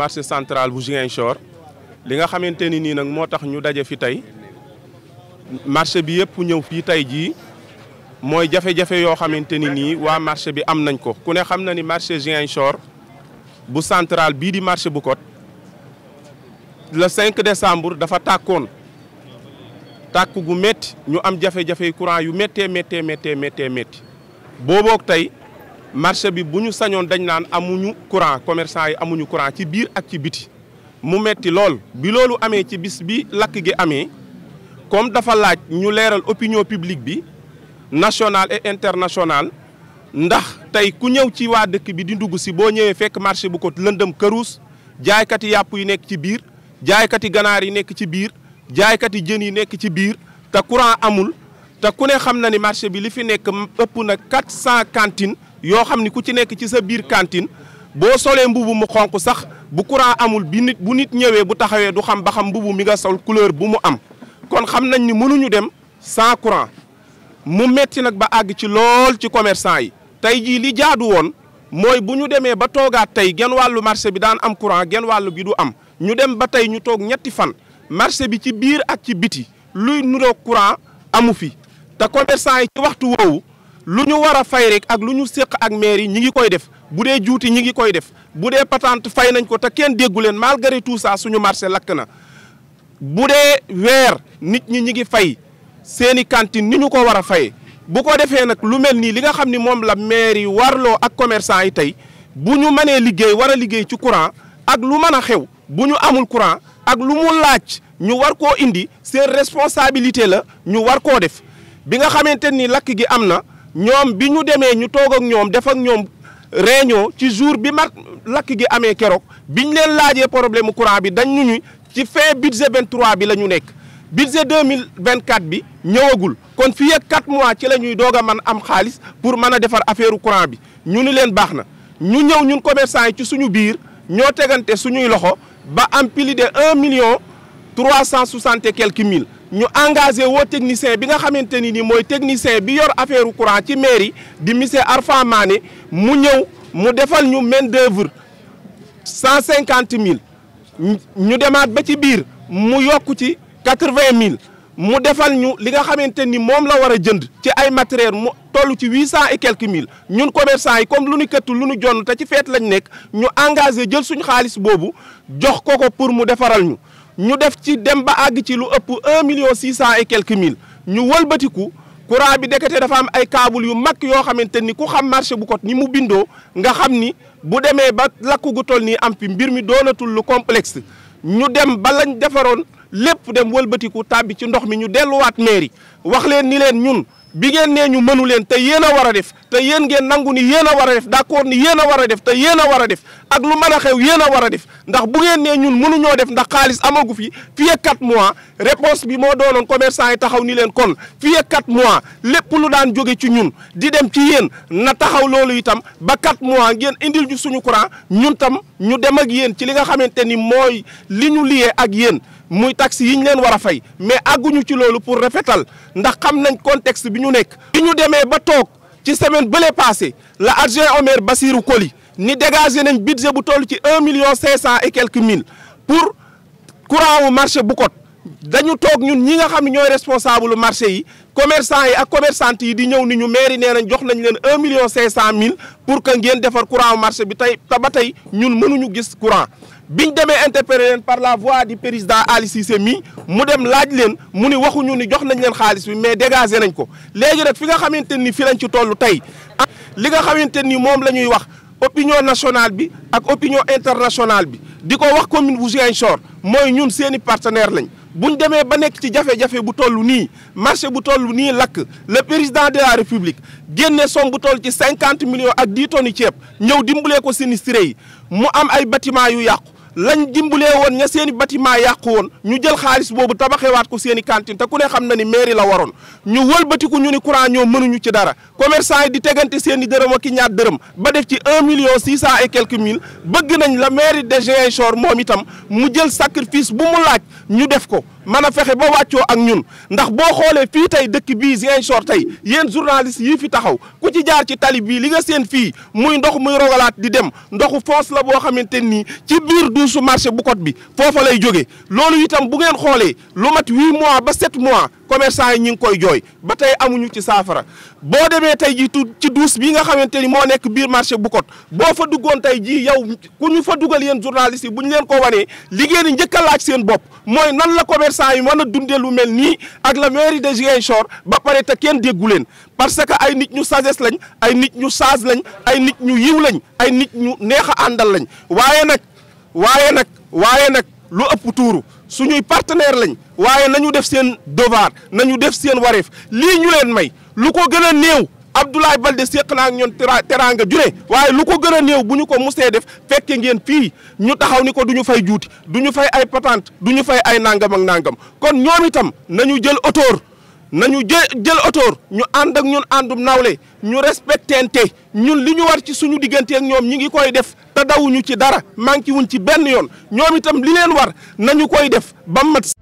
marché central bu Ziguinchor li nga xamante ni nii nag moo tax ñu daje fi tey marché bi yëpp ñëw fii tey jii mooy jafe-jafe yoo xamante ni nii waa marché bi am nañ ko ku ne xam na ni marché Ziguinchor bu centrale bii di marché bu kot le 5 décembre dafa tàkkoon tàkk gu métti ñu am jafe-jafe courant yu méttee méttee méttee méttee tey marché bi bu ñu sañoon dañ naan amuñu courant commerçant yi amuñu courant ci biir ak ci biti mu metti lool bi loolu amee ci bis bi lakk gi amee comme dafa laaj ñu leeral opinion publique bi nationale et internationale ndax tey ku ñëw ci waa dëkk bi di dugg si boo ñëwee fekk marché bu ko lëndëm këruus jaaykati yàpp yi nekk ci biir jaaykati ganaar yi nekk ci biir jaaykati jën yi nekk ci biir te courant amul te ku ne xam na ni marché bi li fi nekk ëpp na 400 cantines yoo xam ni ku ci nekk ci sa biir cantine boo solee mbubu mu xonq sax bu courant amul bi nit bu nit ñëwee bu taxawee du xam ba xam mbubu mi nga sol couleur bu mu am kon xam nañ ni mënuñu dem sans courant mu metti nag ba àgg ci lool ci commerçant yi tey jii li jaadu woon mooy bu ñu demee ba toogaat tey genn wàllu marché bi daan am courant genn wàllu bi du am ñu dem ba tey ñu toog ñetti fan marché bi ci biir ak ci biti luy nuroog courant amu fi te commerçant yi ci waxtu lu ñu war a fay rek ak lu ñu séq ak maire yi ñi ngi koy def bu dee juuti ñi ngi koy def bu dee patante fay nañ ko te kenn déggu leen malgré tout ça suñu marché lakk na bu dee weer nit ñi ñi ngi fay seeni cantine ni ñu ko war a fay bu ko defee nag lu mel nii li nga xam ni moom la maire yi warloo ak commerçant yi tey bu ñu mënee liggéey war a liggéey ci courant ak lu mën a xew bu ñu amul courant ak lu mu laaj ñu war koo indi seen responsabilité la ñu war koo def bi nga xamante ni lakk gi am na ñoom bi ñu demee ñu toog ak ñoom defak ñoom réunion ci jour bi mag lakk gi amee keroog bi ñu leen laajee problème courant bi dañu ñu ñu ci fin budget 23 bi la ñu nekk vingt 2024 bi ñëwagul kon fii ak mois ci la ñuy doog a mën am xaalis pour mën a defar affaire courant bi ñu ni leen baax na ñu ñëw ñun commerçant yi ci suñu biir ñoo tegante suñuy loxo ba am plus de 1 million 360 et quelques mille ñu engagé woo technicien bi nga xamante ni nii mooy technicien bi yor affaire courant ci mairie di monsieur arfamaane Mané mu ñëw mu defal ñu main d'œuvre cent cinquante mille ñu demaat ba ci biir mu yokk ci quatre-vingt mille mu defal ñu li nga xamante ni moom la war a jënd ci ay matériel mu toll ci huit cent et quelques mille ñun commerçant yi comme lu nu këttu lu ñu jonn te ci feet lañ nekk ñu engagé jël suñu xaalis boobu jox ko ko pour mu defaral ñu ñu def ci dem ba àgg ci lu ëpp un million six cent et quelques mille ñu wëlbatiku courant bi dekete dafa am ay kaabul yu mag yoo xamante ni ku xam marché bu kot ni mu bindoo nga xam ni bu demee ba lakk gu toll nii am fi mbir mi doonatul lu complexe ñu dem ba lañ defaroon lépp dem wëlbatiku tàbbi ci ndox mi ñu delluwaat mairie wax leen ni leen ñun bi ngeen ñu mënu leen te yéen a war a def te yéen ngeen nangu ni yéen a war a def d'accord ni yéen a war a def te yéen a war a def ak lu mën a xew yéen a war a def ndax bu ngeen nee ñun mënuñoo def ndax xaalis amagu fi fii ak 4 mois réponse bi moo doonoon commerçant yi taxaw ni leen kon fii ak 4 mois lépp lu daan jóge ci ñun di dem ci yéen na taxaw loolu itam ba 4 mois ngeen indil ñu suñu courant ñun tam ñu dem ak yéen ci li nga xamante ni mooy li ñu liyee ak yéen. muy tax yi leen war a fay mais àgguñu ci loolu pour rafetal ndax xam nañ contexte bi ñu nekk. bi ñu demee ba toog. ci semaine bële passé la adjoint au maire Bassirou Koli ni dégagé nañ budget bu toll ci un million cinq cent et quelques mille pour courant wu marché bu kot dañu toog ñun ñi nga xam ne ñooy responsable marché yi commerçant yi ak commerçante yi di ñëw ni ñu mairie nee nañ jox nañ leen un million cinq cent mille pour que ngeen defar courant wu marché bi tey te ba tey ñun mënuñu gis courant biñ demee interpellé par la voix di président Ali Cissé mi mu dem laaj leen mu ni waxuñu ni jox nañ leen xaalis bi mais dégagé nañ ko léegi rek fi nga xamante ni fi lañ ci tollu tey li nga xamante ni moom la ñuy wax opinion nationale bi ak opinion internationale bi di ko wax commune bu Ziguinchor mooy ñun seeni partenaire lañ buñ demee ba nekk ci jafe-jafe bu toll nii marché bu toll nii lakk le président de la république génne somme bu toll ci cinquante millions ak dix ceeb ñëw dimbalee ko sinistré yi mu am ay bâtiment yu yàqu lañ dimbalee woon ña seen i bâtiment woon ñu jël xaalis boobu tabaxewaat ko seeni i te ku ne xam na ni mairie la waroon ñu ku ñu ni courant ñoom mënuñu ci dara commerçant yi di tegante seeni dërëm ak ñaar dërëm ba def ci un million six cent et quelques mille bëgg nañ la mairie de Ziguinchor moom itam mu jël sacrifice bu mu laaj ñu def ko mën a fexe ba wàccoo ak ñun ndax boo xoolee fii tey dëkk bi bii Ziguinchor tey yéen journaliste yii fi taxaw ku ci jaar ci tali bii li nga seen fii muy ndox muy rogalaat di dem ndoxu foos la boo xamante nii ci biir duusu marché bu kot bi foofa lay jóge loolu itam bu ngeen xoolee lu mat huit mois ba sept mois commerçant yi ñu ngi koy jooy ba tey amuñu ci saafara boo demee tey jii tu ci douche bi nga xamante ni moo nekk biir marché bu kot boo fa duggoon tey jii yow ku ñu fa dugal yéen journalistes yi bu ñu leen ko wanee liggéey ni njëkk a laaj seen bopp mooy nan la commerçant yi mën a dundee lu mel nii ak la mairie de Ziguinchor ba pare te kenn déggu leen parce que ay nit ñu sagesse lañ ay nit ñu sage lañ ay nit ñu yiw lañ ay nit ñu neex a àndal lañ waaye nag waaye nag waaye nag lu ëpp tuuru suñuy partenaire lañ waaye nañu def seen na ñu def seen wareef lii ñu leen may lu ko gën a néew Abdoulaye Balde seq naa ak ñoom teraanga jure waaye lu ko gën a néew bu ñu ko musee def fekke ngeen fii ñu taxaw ni ko du ñu fay juuti du ñu fay ay patente du ñu fay ay nangam ak nangam kon ñoom itam nañu jël autour nañu jë jël autour ñu ànd ak ñun àndum nawle ñu respectente ñun li ñu war ci suñu diggante ak ñoom ñi ngi koy def te dawuñu ci dara manqué wuñ ci benn yoon ñoom itam li leen war nañu koy def ba mat